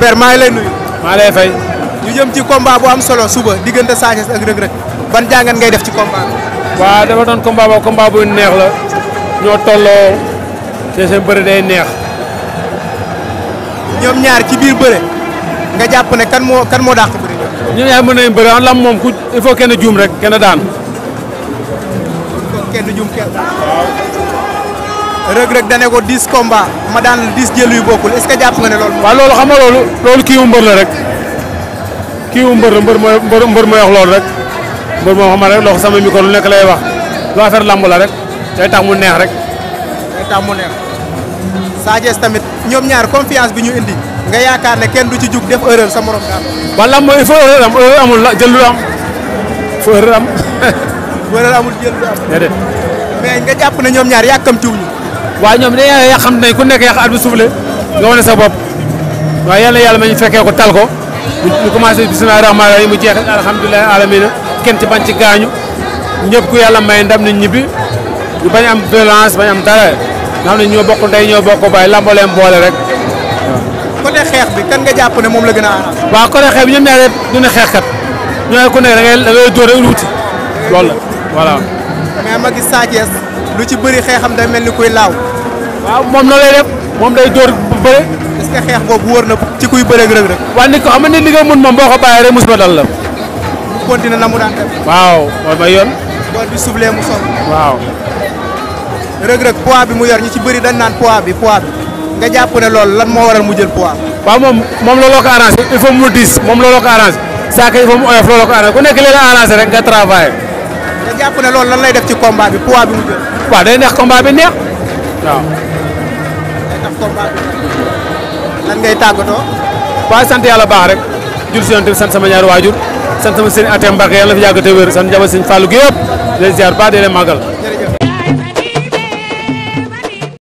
père maa ngi lay nuyu. maa lay fay. ñu jëm ci combat am solo suba diggante Sa Thiès ak Reug Reug ban jàngat ngay def ci combat bi. waaw dafa doon combat boobu combat neex la ñoo tolloo te bëre day neex. ñoom ñaar ci biir bëre nga jàpp ne kan moo kan moo dàq bëre. ñoom ñaar mën nañu bëre lam moom il faut kenn juum rek kenn daan. il faut kenn juum kenn. waaw. Reug Reug dane ko 10 combat ma daan 10 jël yu bokul est ce que japp nga ne lool wa lool xam nga lool lool ki wu mbeur la rek ki wu mbeur mbeur moy mbeur mbeur moy wax lool rek mbeur mo xamal rek lox sama micro nek lay wax lu affaire lamb la rek day tax mu neex rek day tax mu neex Sadies tamit ñom ñaar confiance bi ñu indi nga yaakaar ne kenn du ci juk def erreur sa morom daal ba lamb il faut erreur am erreur amul jël lu am faut erreur am erreur amul jël lu am mais nga japp ne ñom ñaar yakamti wuñu waa ñoom de yàq xam ne ku nekk yàq at bi suufle nga wane sa bopp waa yal na yàlla ma ñu fekkee ko tal ko ñu commencé bismillahi rahmaani rahim mu jeex alhamdulilahi alamina kenn ci bañ ci gaañu ñëpp ku yàlla may ndam nit ñibbi ñu bañ am violence bañ am dara nga xam ne ñoo bokk ndey ñoo bokk baay lamboleem boole rek waaw. côté xeex bi kan nga jàpp ne moom la gën a aar. waaw côté xeex bi ñoom ñaareel du ne xeexkat ñoo ku nekk da da ngay dóor rek wuti loolu la voilà. mais ma gis Sa lu ci bëri xeexam day mel ni kuy laaw. waaw moom na lay def moom day door bu bëre. est que xeex boobu wër na ci kuy bëreeg rek rek. waaye nit ko am na li mun moom boo ko bàyyee rek la. mu continué na mu daan def. waaw mooy may yoon. boo bi mu yor ñu ci bëri dañ naan poids bi poids bi nga jàpp ne lool lan moo waral mu jël poids. waaw moom moom looloo ko arrangé il faut mu diis moom looloo ko arrangé saako il faut mu oyof looloo ko arrangé ku nekk li la arrangé rek nga travaillé. nga jàpp ne lool lan lay def ci combat bi poids day neex combat bi waaw. combat bi lan ngay tàggatoo. waaye sant yàlla baax rek jul si yonent sant sama ñaari waajur sant sama sëñ Atem Mbacke yàlla na fi yàgg te wér sant njaboot sëñ gi yëpp di leen ziar baax di leen